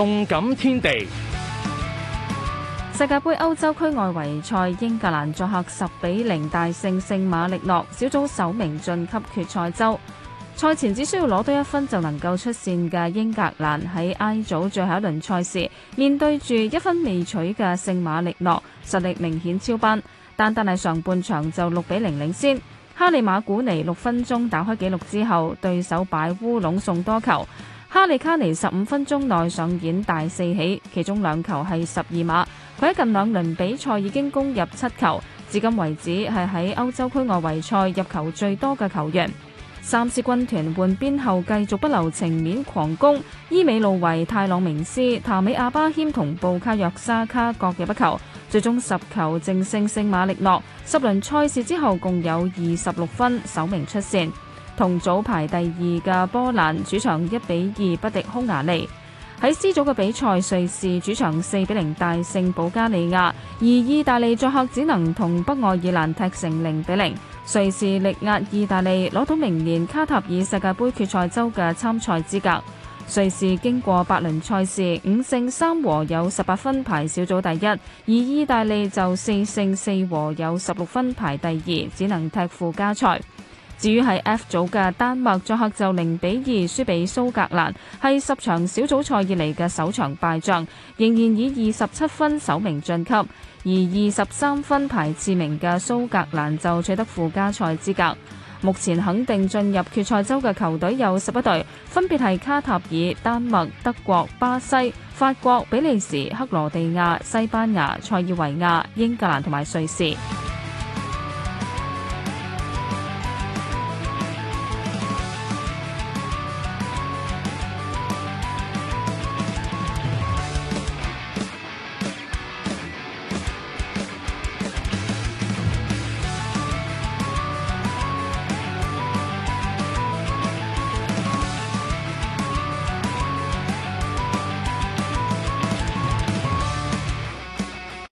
動感天地，世界杯歐洲區外圍賽，英格蘭作客十比零大勝聖馬力諾，小組首名晉級決賽周。賽前只需要攞到一分就能夠出線嘅英格蘭，喺 I 組最後一輪賽事面對住一分未取嘅聖馬力諾，實力明顯超班，單單係上半場就六比零領先。哈利馬古尼六分鐘打開紀錄之後，對手擺烏龍送多球。哈利卡尼十五分鐘內上演大四喜，其中兩球係十二碼。佢喺近兩輪比賽已經攻入七球，至今為止係喺歐洲區外圍賽入球最多嘅球員。三獅軍團換邊後繼續不留情面狂攻，伊美路維、泰朗明斯、塔美阿巴謙同布卡約沙卡各入一球，最終十球淨勝聖馬力諾。十輪賽事之後共有二十六分，首名出線。同組排第二嘅波蘭主場一比二不敵匈牙利，喺 C 組嘅比賽，瑞士主場四比零大勝保加利亞，而意大利作客只能同北愛爾蘭踢成零比零。瑞士力壓意大利攞到明年卡塔爾世界盃決賽周嘅參賽資格。瑞士經過八輪賽事五勝三和有十八分排小組第一，而意大利就四勝四和有十六分排第二，只能踢附加賽。至於係 F 組嘅丹麥作客就零比二輸俾蘇格蘭，係十場小組賽以嚟嘅首場敗仗，仍然以二十七分首名晉級，而二十三分排次名嘅蘇格蘭就取得附加賽資格。目前肯定進入決賽周嘅球隊有十一隊，分別係卡塔爾、丹麥、德國、巴西、法國、比利時、克羅地亞、西班牙、塞爾維亞、英格蘭同埋瑞士。